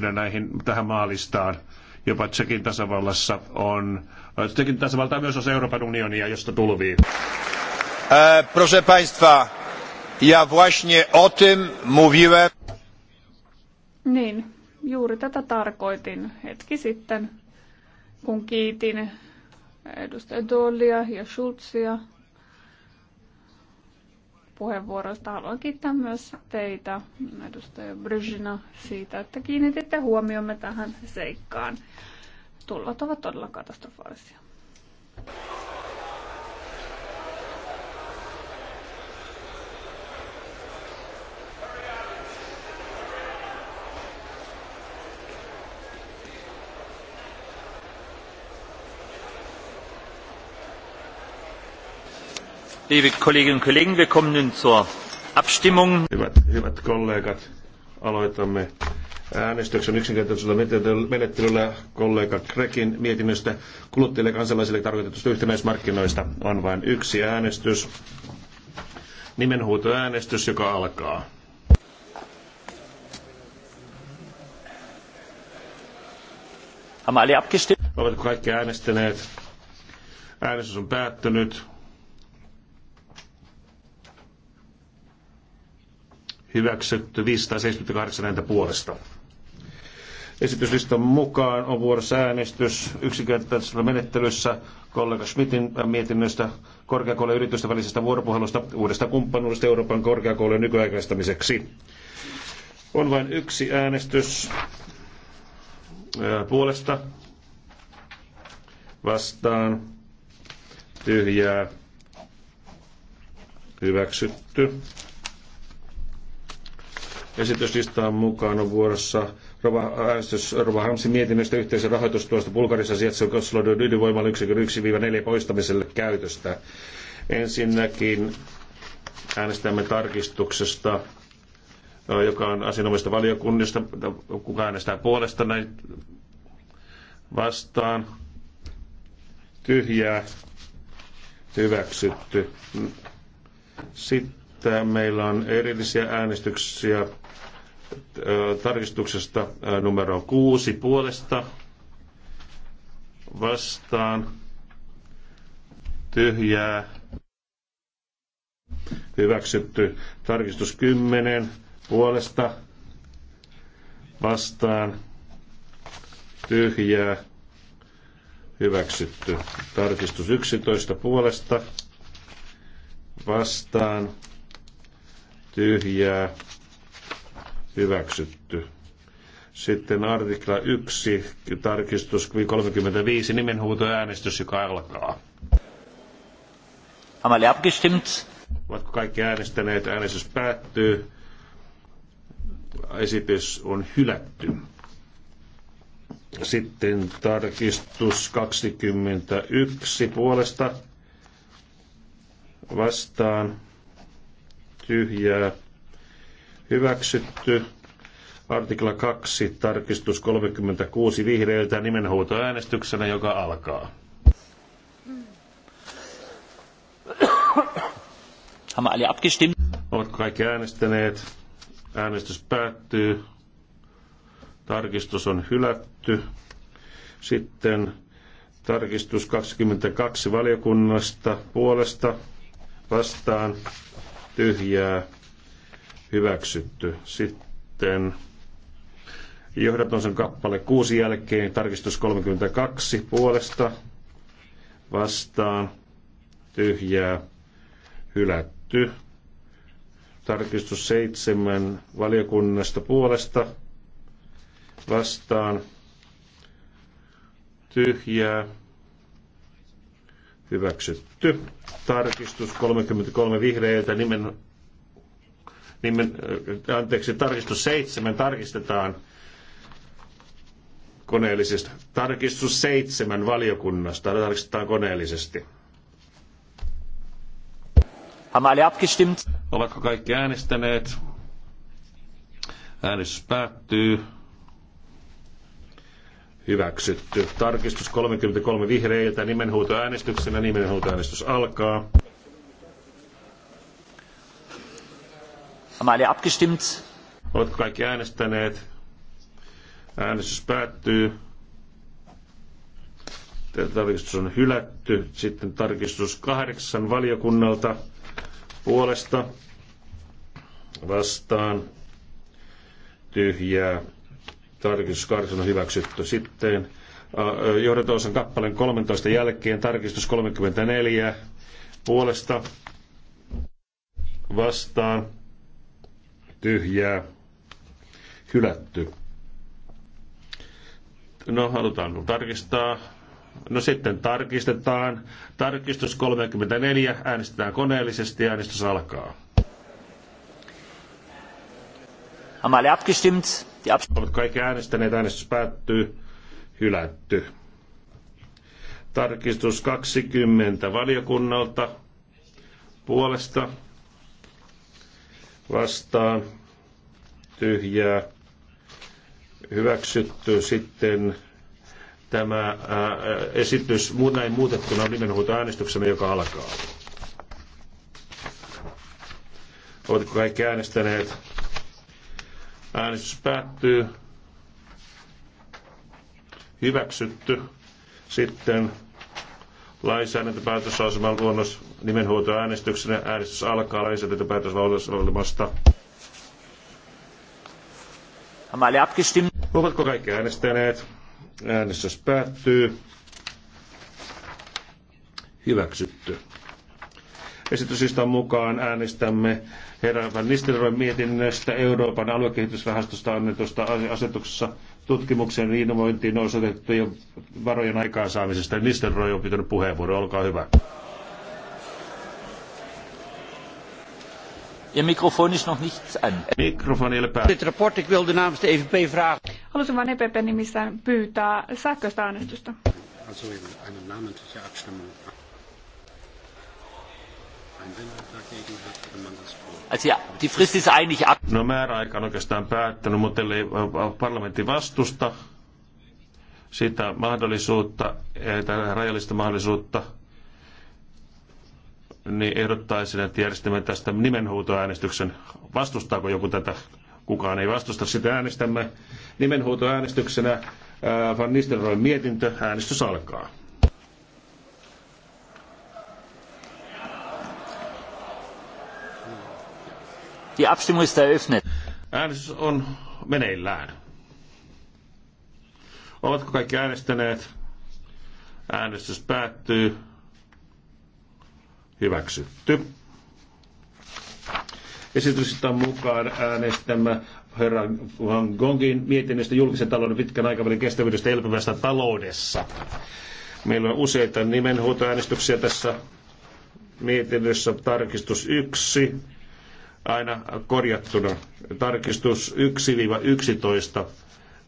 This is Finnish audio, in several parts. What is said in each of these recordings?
näihin, tähän maalistaan. Jopa Tsekin tasavallassa on, äh, Tsekin tasavalta on myös osa Euroopan unionia, josta tulvii. E, proszę Państwa, ja właśnie o tym mówiłem. Niin, juuri tätä tarkoitin hetki sitten, kun kiitin edustaja Dollia ja Schulzia puheenvuoroista. Haluan kiittää myös teitä, edustaja Brysina, siitä, että kiinnititte huomiomme tähän seikkaan. Tulvat ovat todella katastrofaalisia. Liebe Kolleginnen und Kollegen, wir kommen nun zur Abstimmung. Hyvät, kollegat, aloitamme äänestyksen yksinkertaisella menettelyllä kollega Krekin mietinnöstä kuluttajille kansalaisille tarkoitetusta yhtenäismarkkinoista. On vain yksi äänestys, nimenhuutoäänestys, joka alkaa. Haben alle abgestimmt? Ovatko kaikki äänestäneet? Äänestys on päättynyt. hyväksytty 578 ääntä puolesta. Esityslistan mukaan on vuorossa äänestys yksinkertaisessa menettelyssä kollega Schmidtin mietinnöstä korkeakoulujen yritysten välisestä vuoropuhelusta uudesta kumppanuudesta Euroopan korkeakoulujen nykyaikaistamiseksi. On vain yksi äänestys puolesta vastaan tyhjää hyväksytty. Esityslistaan mukaan on vuorossa Rova, äh, Hamsin mietinnöstä yhteisen rahoitustuosta Bulgarissa sijaitsevan Kosloidon ydinvoiman yksikön 1-4 poistamiselle käytöstä. Ensinnäkin äänestämme tarkistuksesta, äh, joka on asianomaisesta valiokunnista. Kuka äänestää puolesta näin vastaan? Tyhjää. Hyväksytty. Sitten meillä on erillisiä äänestyksiä tarkistuksesta numero kuusi puolesta vastaan tyhjää hyväksytty tarkistus kymmenen puolesta vastaan tyhjää hyväksytty tarkistus 11 puolesta vastaan tyhjää hyväksytty. Sitten artikla 1, tarkistus 35, nimenhuutoäänestys, joka alkaa. Haben alle abgestimmt? Ovatko kaikki äänestäneet? Äänestys päättyy. Esitys on hylätty. Sitten tarkistus 21 puolesta vastaan tyhjää hyväksytty. Artikla 2, tarkistus 36 vihreiltä nimenhuutoäänestyksenä, joka alkaa. Haben alle Oletko kaikki äänestäneet? Äänestys päättyy. Tarkistus on hylätty. Sitten tarkistus 22 valiokunnasta puolesta vastaan tyhjää hyväksytty. Sitten johdatonsen kappale 6 jälkeen, tarkistus 32 puolesta vastaan, tyhjää, hylätty. Tarkistus 7 valiokunnasta puolesta vastaan, tyhjää, hyväksytty. Tarkistus 33 vihreiltä nimen niin me, anteeksi, tarkistus seitsemän tarkistetaan koneellisesti. Tarkistus seitsemän valiokunnasta tarkistetaan koneellisesti. Haben alle abgestimmt? Ovatko kaikki äänestäneet? Äänestys päättyy. Hyväksytty. Tarkistus 33 vihreiltä nimenhuutoäänestyksenä. Nimenhuutoäänestys alkaa. Haben alle abgestimmt? Oletko kaikki äänestäneet? Äänestys päättyy. Tarkistus on hylätty. Sitten tarkistus kahdeksan valiokunnalta puolesta vastaan tyhjää. Tarkistus kahdeksan on hyväksytty. Sitten äh, johdantoosan kappaleen 13 jälkeen tarkistus 34 puolesta vastaan tyhjää, hylätty. No, halutaan tarkistaa? No sitten tarkistetaan. Tarkistus 34, äänestetään koneellisesti, äänestys alkaa. Haben abgestimmt? Ovat kaikki äänestäneet, äänestys päättyy, hylätty. Tarkistus 20 valiokunnalta puolesta vastaan tyhjää hyväksytty sitten tämä ää, esitys näin muutettuna on nimenhuutoäänestyksemme, joka alkaa. Oletko kaikki äänestäneet? Äänestys päättyy. Hyväksytty. Sitten lainsäädäntöpäätöslauselman luonnos ja Äänestys alkaa lainsäädäntöpäätöslauselmasta. Ovatko kaikki äänestäneet? Äänestys päättyy. Hyväksytty. Esityslistan mukaan äänestämme herra Van Nistelrooyn mietinnöstä Euroopan aluekehitysrahastosta annetusta asetuksessa tutkimukseen ja innovointiin osoitettujen varojen aikaansaamisesta. Mr. Roy on pitänyt puheenvuoron. Olkaa hyvä. Mikrofon Mikrofon ei ole päällä. E Haluaisin vain EPP nimissään pyytää sähköistä äänestystä. Also eine namentliche Abstimmung. No määräaika on oikeastaan päättänyt, mutta ellei parlamentti vastusta sitä mahdollisuutta, eh, tätä rajallista mahdollisuutta, niin ehdottaisin, että järjestämme tästä nimenhuutoäänestyksen. Vastustaako joku tätä? Kukaan ei vastusta sitä. Äänestämme nimenhuutoäänestyksenä Van Nistelrooyn mietintö. Äänestys alkaa. Die Abstimmung ist eröffnet. Äänestys on meneillään. Ovatko kaikki äänestäneet? Äänestys päättyy. Hyväksytty. Esitystä mukaan äänestämme herra Van Gongin mietinnöstä julkisen talouden pitkän aikavälin kestävyydestä elpyvässä taloudessa. Meillä on useita nimenhuutoäänestyksiä tässä mietinnössä. Tarkistus yksi aina korjattuna. Tarkistus 1-11.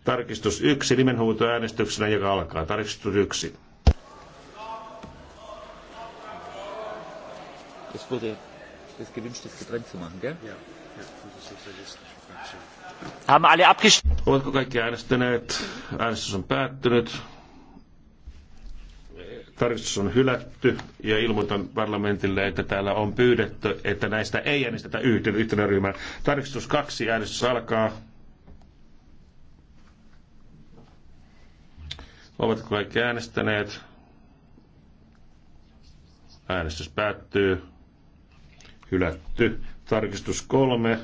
Tarkistus 1 nimenhuuto äänestyksenä, joka alkaa. Tarkistus 1. Das wurde das gewünscht, getrennt zu machen, gell? Ja. Haben alle abgestimmt? Ovatko kaikki äänestäneet? Äänestys on päättynyt. Tarkistus on hylätty ja ilmoitan parlamentille, että täällä on pyydetty, että näistä ei äänestetä yhtenä, yhtenä ryhmän. Tarkistus kaksi, äänestys alkaa. Ovatko kaikki äänestäneet? Äänestys päättyy. Hylätty. Tarkistus kolme.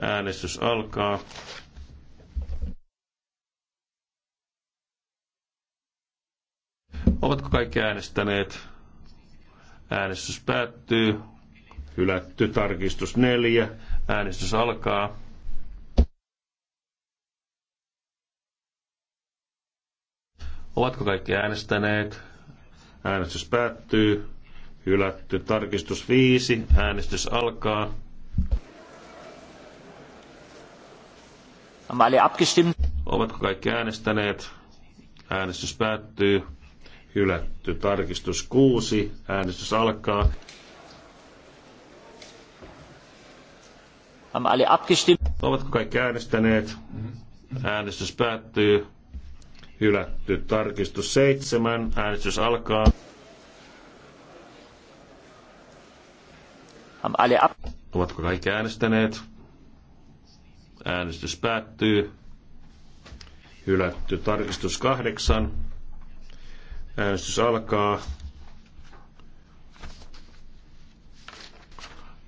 Äänestys alkaa. Ovatko kaikki äänestäneet? Äänestys päättyy. Hylätty tarkistus neljä. Äänestys alkaa. Ovatko kaikki äänestäneet? Äänestys päättyy. Hylätty tarkistus 5. Äänestys alkaa. Ovatko kaikki äänestäneet? Äänestys päättyy hylätty. Tarkistus 6, äänestys alkaa. Ovatko kaikki äänestäneet? Äänestys päättyy. Hylätty. Tarkistus 7, äänestys alkaa. Ovatko kaikki äänestäneet? Äänestys päättyy. Hylätty. Tarkistus 8. Äänestys alkaa.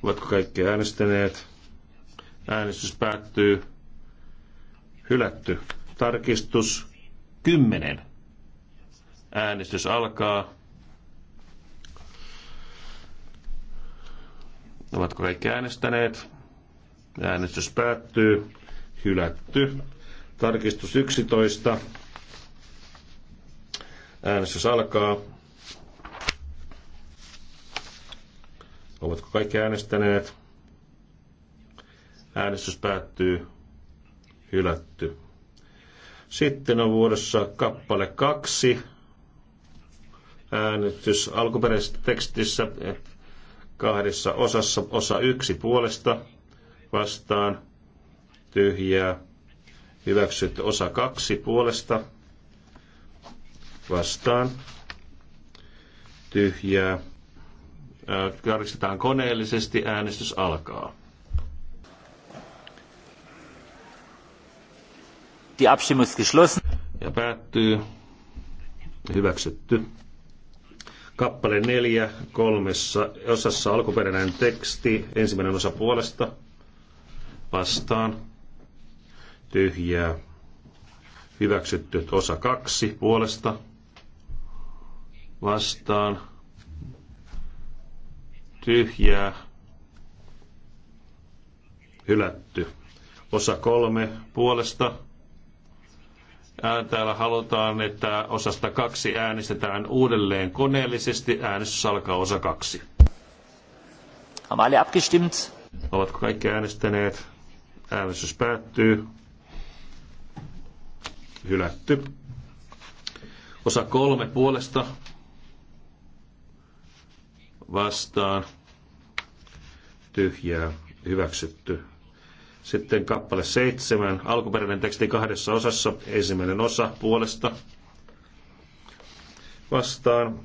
Ovatko kaikki äänestäneet? Äänestys päättyy. Hylätty. Tarkistus 10. Äänestys alkaa. Ovatko kaikki äänestäneet? Äänestys päättyy. Hylätty. Tarkistus 11. Äänestys alkaa. Ovatko kaikki äänestäneet? Äänestys päättyy. Hylätty. Sitten on vuodessa kappale kaksi. Äänestys alkuperäisessä tekstissä kahdessa osassa. Osa yksi puolesta vastaan tyhjää. Hyväksytty osa kaksi puolesta vastaan. Tyhjää. Karkistetaan koneellisesti. Äänestys alkaa. Die Abstimmung ist geschlossen. Ja päättyy. Hyväksytty. Kappale neljä kolmessa osassa alkuperäinen teksti. Ensimmäinen osa puolesta. Vastaan. Tyhjää. Hyväksytty osa kaksi puolesta vastaan tyhjää hylätty. Osa kolme puolesta. Täällä halutaan, että osasta kaksi äänestetään uudelleen koneellisesti. Äänestys alkaa osa kaksi. Haben alle abgestimmt? Ovatko kaikki äänestäneet? Äänestys päättyy. Hylätty. Osa kolme puolesta vastaan tyhjää hyväksytty. Sitten kappale seitsemän, alkuperäinen teksti kahdessa osassa, ensimmäinen osa puolesta vastaan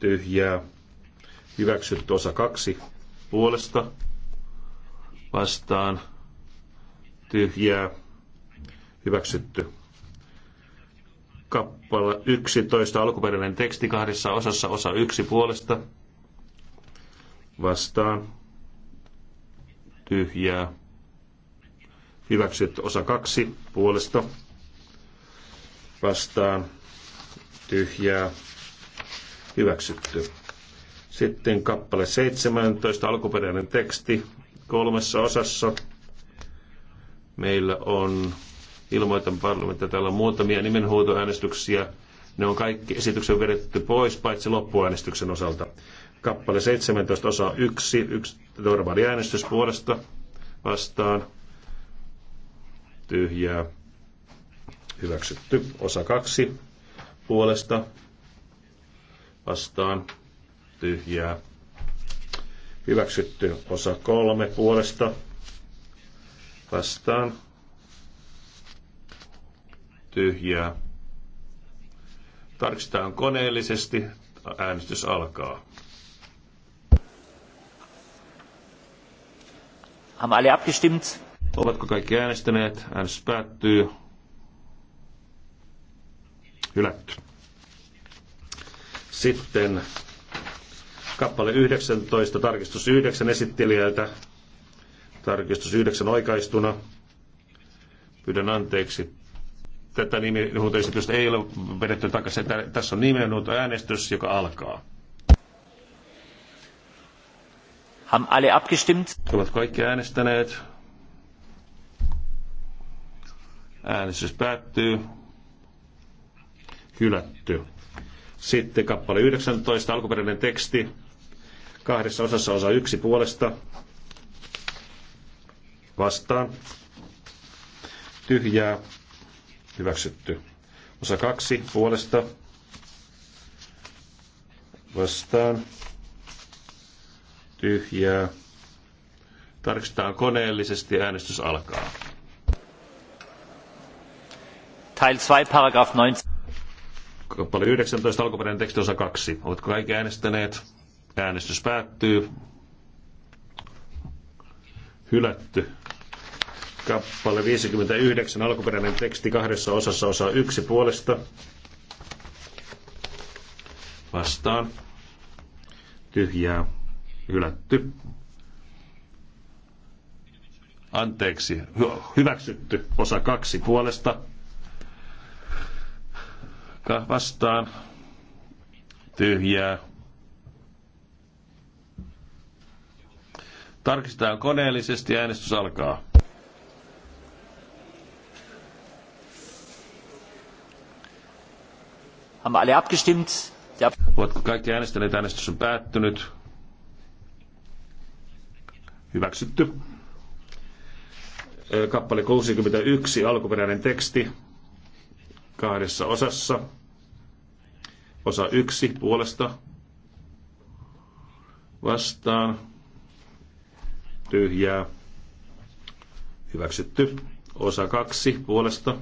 tyhjää hyväksytty osa kaksi puolesta vastaan tyhjää hyväksytty kappale 11, alkuperäinen teksti kahdessa osassa, osa yksi puolesta vastaan tyhjää. hyväksyt osa kaksi puolesta vastaan tyhjää. Hyväksytty. Sitten kappale 17, alkuperäinen teksti kolmessa osassa. Meillä on, ilmoitan parlamenttia, täällä on muutamia nimenhuutoäänestyksiä. Ne on kaikki esityksen vedetty pois, paitsi loppuäänestyksen osalta kappale 17 osa 1, yksi normaali äänestys puolesta vastaan, tyhjää, hyväksytty. Osa 2 puolesta vastaan, tyhjää, hyväksytty. Osa 3 puolesta vastaan, tyhjää. Tarkistetaan koneellisesti, äänestys alkaa. Haben alle abgestimmt? Ovatko kaikki äänestäneet? Äänestys päättyy. Hylätty. Sitten kappale 19, tarkistus 9 esittelijältä, tarkistus 9 oikaistuna. Pyydän anteeksi. Tätä nimenhuutoesitystä ei ole vedetty takaisin. Tässä on nimenhuutoäänestys, joka alkaa. Haben alle abgestimmt? Ovat kaikki äänestäneet. Äänestys päättyy. Hylätty. Sitten kappale 19, alkuperäinen teksti. Kahdessa osassa osa yksi puolesta. Vastaan. Tyhjää. Hyväksytty. Osa kaksi puolesta. Vastaan tyhjää. Tarkistetaan koneellisesti, äänestys alkaa. Teil 2, paragraf 19. Kappale 19, alkuperäinen teksti osa 2. Oletko kaikki äänestäneet? Äänestys päättyy. Hylätty. Kappale 59, alkuperäinen teksti kahdessa osassa osa 1 puolesta. Vastaan. Tyhjää hylätty. Anteeksi, hyväksytty osa kaksi puolesta vastaan tyhjää. Tarkistetaan koneellisesti, äänestys alkaa. Haben alle Ovatko kaikki äänestäneet? Äänestys on päättynyt. Hyväksytty. Kappale 61, alkuperäinen teksti kahdessa osassa. Osa 1 puolesta vastaan tyhjää hyväksytty. Osa 2 puolesta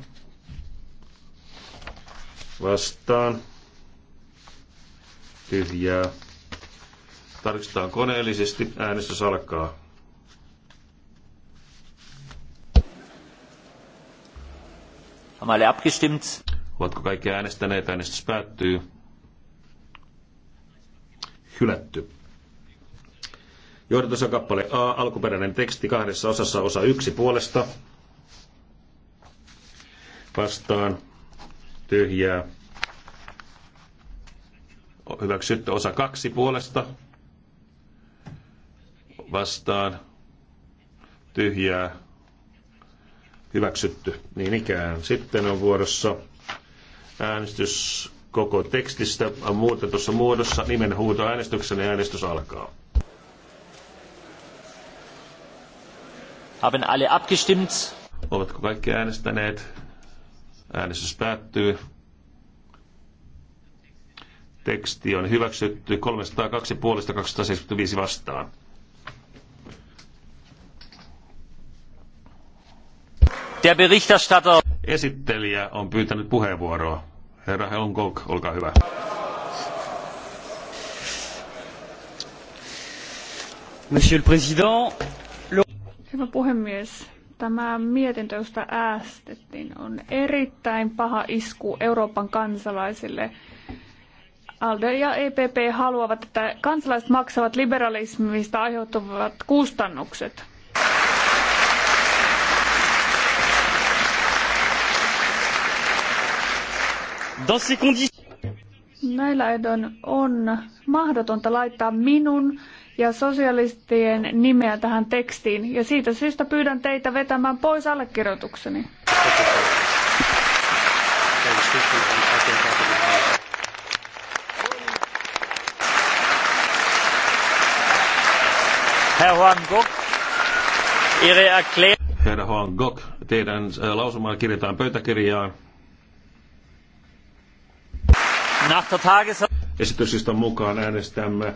vastaan tyhjää. Tarkistetaan koneellisesti. Äänestys alkaa. Haben alle abgestimmt? Ovatko kaikki äänestäneet? Äänestys päättyy. Hylätty. Johdatus kappale A, alkuperäinen teksti kahdessa osassa, osa yksi puolesta. Vastaan. Tyhjää. Hyväksytty osa kaksi puolesta. Vastaan. Tyhjää Hyväksytty. Niin ikään. Sitten on vuorossa äänestys koko tekstistä muutetussa muodossa. Nimen huuto äänestyksen ja äänestys alkaa. Haben alle abgestimmt? Ovatko kaikki äänestäneet? Äänestys päättyy. Teksti on hyväksytty 302 puolesta 275 vastaan. Der Berichterstatter... Esittelijä on pyytänyt puheenvuoroa. Herra Helmkolk, olkaa hyvä. Monsieur le Président, Hyvä puhemies, tämä mietintö, josta äästettiin, on erittäin paha isku Euroopan kansalaisille. ALDE ja EPP haluavat, että kansalaiset maksavat liberalismista aiheutuvat kustannukset. Näillä ehdoin on mahdotonta laittaa minun ja sosialistien nimeä tähän tekstiin. Ja siitä syystä pyydän teitä vetämään pois allekirjoitukseni. Herr Juan Gok, Ihre Erklärung. Herra Juan Gok, teidän äh, lausumaan kirjataan pöytäkirjaan. Esityksistä mukaan äänestämme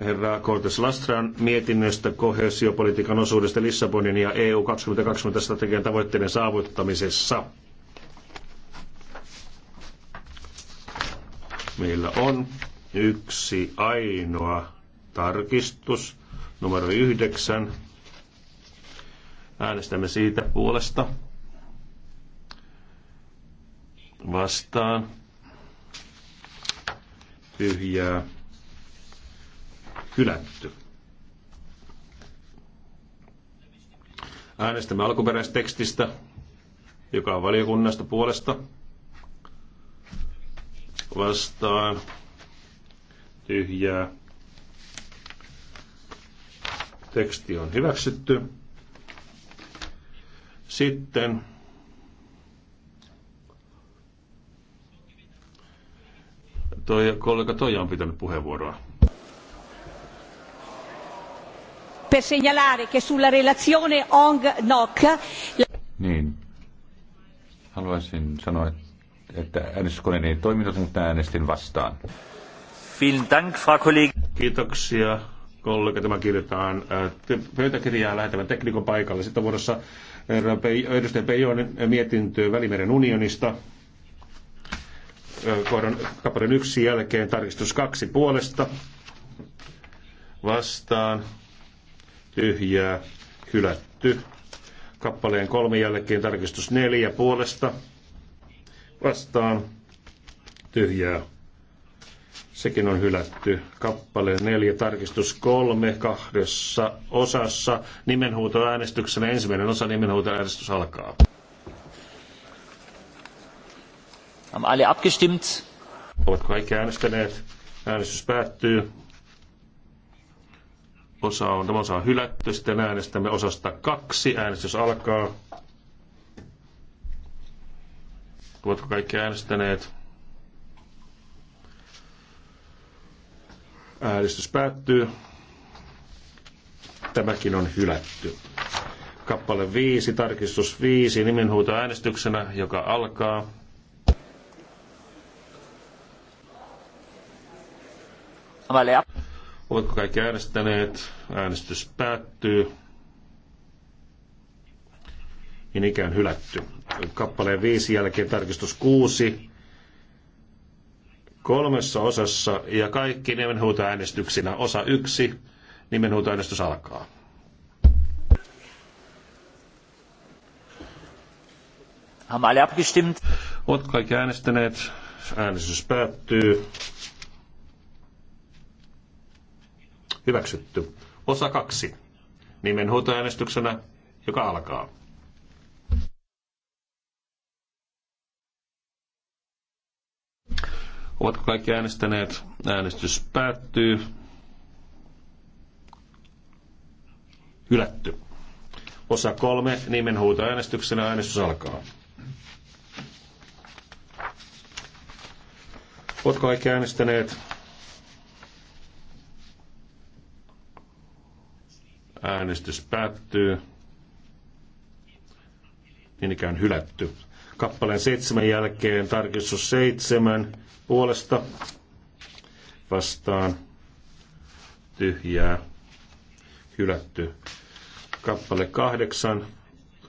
herra Cortes Lastran mietinnöstä kohesiopolitiikan osuudesta Lissabonin ja EU 2020 strategian tavoitteiden saavuttamisessa. Meillä on yksi ainoa tarkistus, numero yhdeksän. Äänestämme siitä puolesta. Vastaan tyhjää hylätty. Äänestämme tekstistä, joka on valiokunnasta puolesta vastaan tyhjää. Teksti on hyväksytty. Sitten Toi, kollega Toija on pitänyt puheenvuoroa. Per segnalare che sulla relazione Ong Nok... Niin. Haluaisin sanoa, että äänestyskoneen ei toiminut, mutta äänestin vastaan. Kiitoksia kollega. Tämä kirjoitetaan äh, pöytäkirjaa lähetävän teknikon paikalle. Sitten vuorossa äh, edustaja Peijonen mietintö Välimeren unionista kohdan kappaleen yksi jälkeen tarkistus kaksi puolesta vastaan tyhjää hylätty. Kappaleen kolme jälkeen tarkistus neljä puolesta vastaan tyhjää. Sekin on hylätty. Kappaleen neljä tarkistus kolme kahdessa osassa äänestyksen Ensimmäinen osa nimenhuutoäänestys alkaa. Haben alle abgestimmt? Ovat kaikki äänestäneet. Äänestys päättyy. Osa on, tämä osa on hylätty. Sitten äänestämme osasta kaksi. Äänestys alkaa. Ovatko kaikki äänestäneet? Äänestys päättyy. Tämäkin on hylätty. Kappale 5, tarkistus 5, nimenhuuto äänestyksenä, joka alkaa. Ovatko kaikki äänestäneet? Äänestys päättyy. Niin ikään hylätty. Kappaleen viisi jälkeen tarkistus kuusi. Kolmessa osassa ja kaikki nimenhuutoäänestyksinä. Osa yksi Nimenhuutoäänestys alkaa. Haben alle abgestimmt? Ovatko kaikki äänestäneet? Äänestys päättyy. Hyväksytty. Osa kaksi. Nimenhuutoäänestyksenä, joka alkaa. Ovatko kaikki äänestäneet? Äänestys päättyy. Hylätty. Osa kolme. Nimenhuutoäänestyksenä äänestys alkaa. Ovatko kaikki äänestäneet? Äänestys päättyy. Niin ikään hylätty. Kappaleen seitsemän jälkeen tarkistus seitsemän puolesta vastaan tyhjää hylätty. Kappale kahdeksan,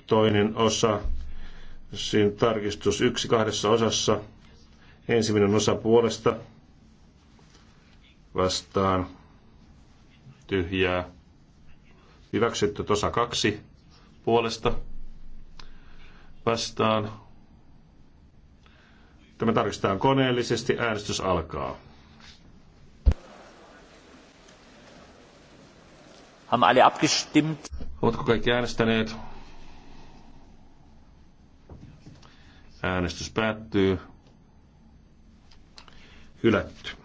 toinen osa, siinä tarkistus yksi kahdessa osassa, ensimmäinen osa puolesta vastaan tyhjää Hyväksytty osa kaksi puolesta vastaan. Tämä tarkistetaan koneellisesti. Äänestys alkaa. Haben alle abgestimmt? Ovatko kaikki äänestäneet? Äänestys päättyy. Hylätty.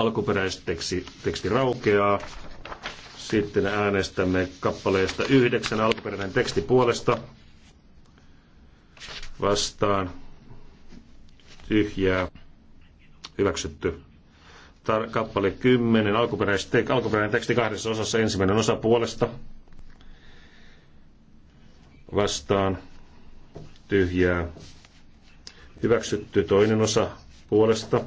Alkuperäisteksti teksti raukeaa. Sitten äänestämme kappaleesta yhdeksän alkuperäinen teksti puolesta vastaan tyhjää hyväksytty. Tar- kappale 10, alkuperäis- alkuperäinen teksti kahdessa osassa, ensimmäinen osa puolesta vastaan tyhjää hyväksytty, toinen osa puolesta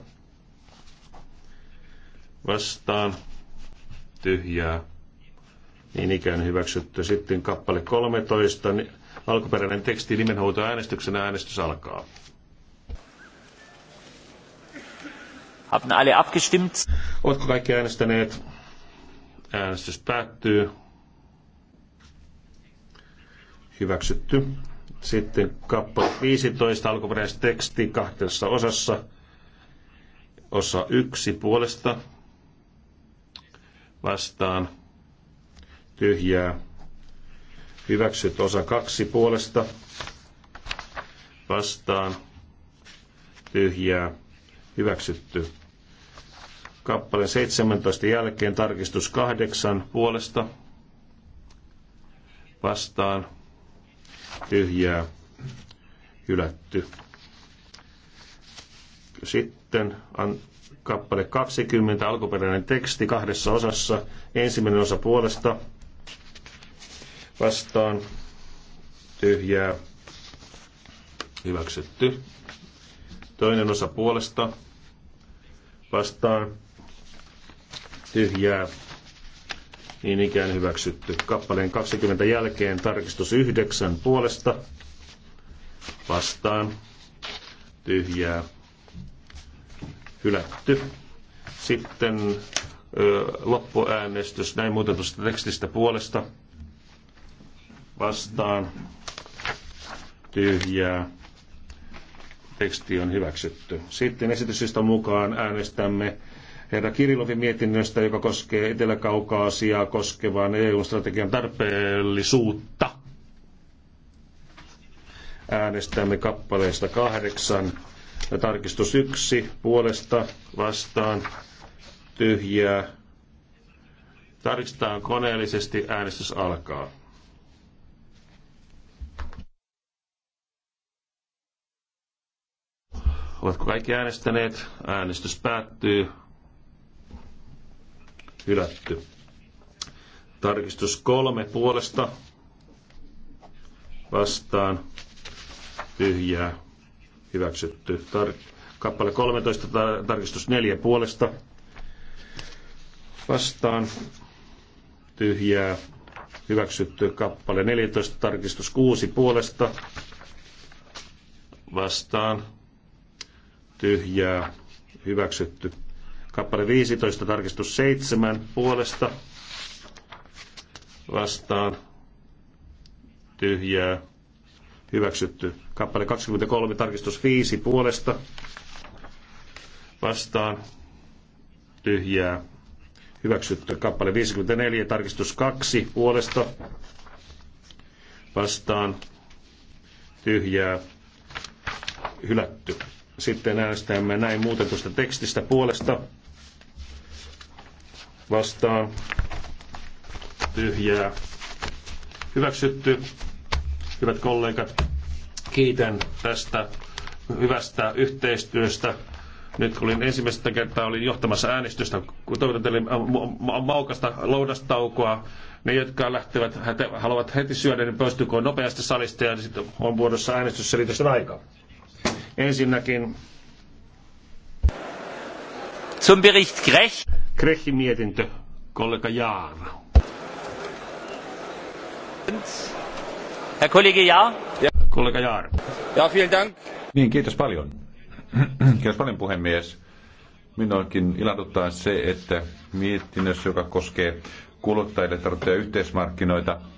vastaan tyhjää. Niin ikään hyväksytty. Sitten kappale 13. Niin alkuperäinen teksti nimenhuutoäänestyksen äänestys alkaa. Haben alle abgestimmt? Oletko kaikki äänestäneet? Äänestys päättyy. Hyväksytty. Sitten kappale 15, teksti kahdessa osassa. Osa yksi puolesta vastaan tyhjää. Hyväksyt osa kaksi puolesta vastaan tyhjää. Hyväksytty. Kappaleen 17 jälkeen tarkistus kahdeksan puolesta vastaan tyhjää. Hylätty. Sitten an, kappale 20, alkuperäinen teksti kahdessa osassa. Ensimmäinen osa puolesta vastaan tyhjää hyväksytty. Toinen osa puolesta vastaan tyhjää niin ikään hyväksytty. Kappaleen 20 jälkeen tarkistus 9 puolesta vastaan tyhjää hylätty. Sitten ö, loppuäänestys näin muutetusta tekstistä puolesta vastaan tyhjää. Teksti on hyväksytty. Sitten esityksistä mukaan äänestämme herra Kirilovin mietinnöstä, joka koskee Etelä-Kaukaasiaa koskevan EU-strategian tarpeellisuutta. Äänestämme kappaleesta kahdeksan Tarkistus yksi puolesta vastaan tyhjää. Tarkistetaan koneellisesti. Äänestys alkaa. Oletko kaikki äänestäneet? Äänestys päättyy. Hylätty. Tarkistus kolme puolesta vastaan tyhjää hyväksytty. Tar- kappale 13, tar- tarkistus 4 puolesta vastaan tyhjää hyväksytty. Kappale 14, tarkistus 6 puolesta vastaan tyhjää hyväksytty. Kappale 15, tarkistus 7 puolesta vastaan tyhjää hyväksytty. Kappale 23, tarkistus 5 puolesta vastaan tyhjää hyväksytty. Kappale 54, tarkistus 2 puolesta vastaan tyhjää hylätty. Sitten äänestämme näin muutetusta tekstistä puolesta vastaan tyhjää hyväksytty. Hyvät kollegat, kiitän tästä hyvästä yhteistyöstä. Nyt kun olin ensimmäistä kertaa olin johtamassa äänestystä, kun toivotan teille maukasta lounastaukoa. Ne, jotka lähtevät, haluavat heti syödä, niin poistukoon nopeasti salista ja sitten on vuodossa äänestysselitysten aika. Ensinnäkin Zum Bericht Grech. Grechin mietintö, kollega Jaar. Herr Kollege Jaar. Ja. Kollega Jaar. Ja, vielen Dank. Niin, kiitos paljon. kiitos paljon puhemies. Minuakin ilahduttaa se, että mietinnössä, joka koskee kuluttajille tarvittuja yhteismarkkinoita,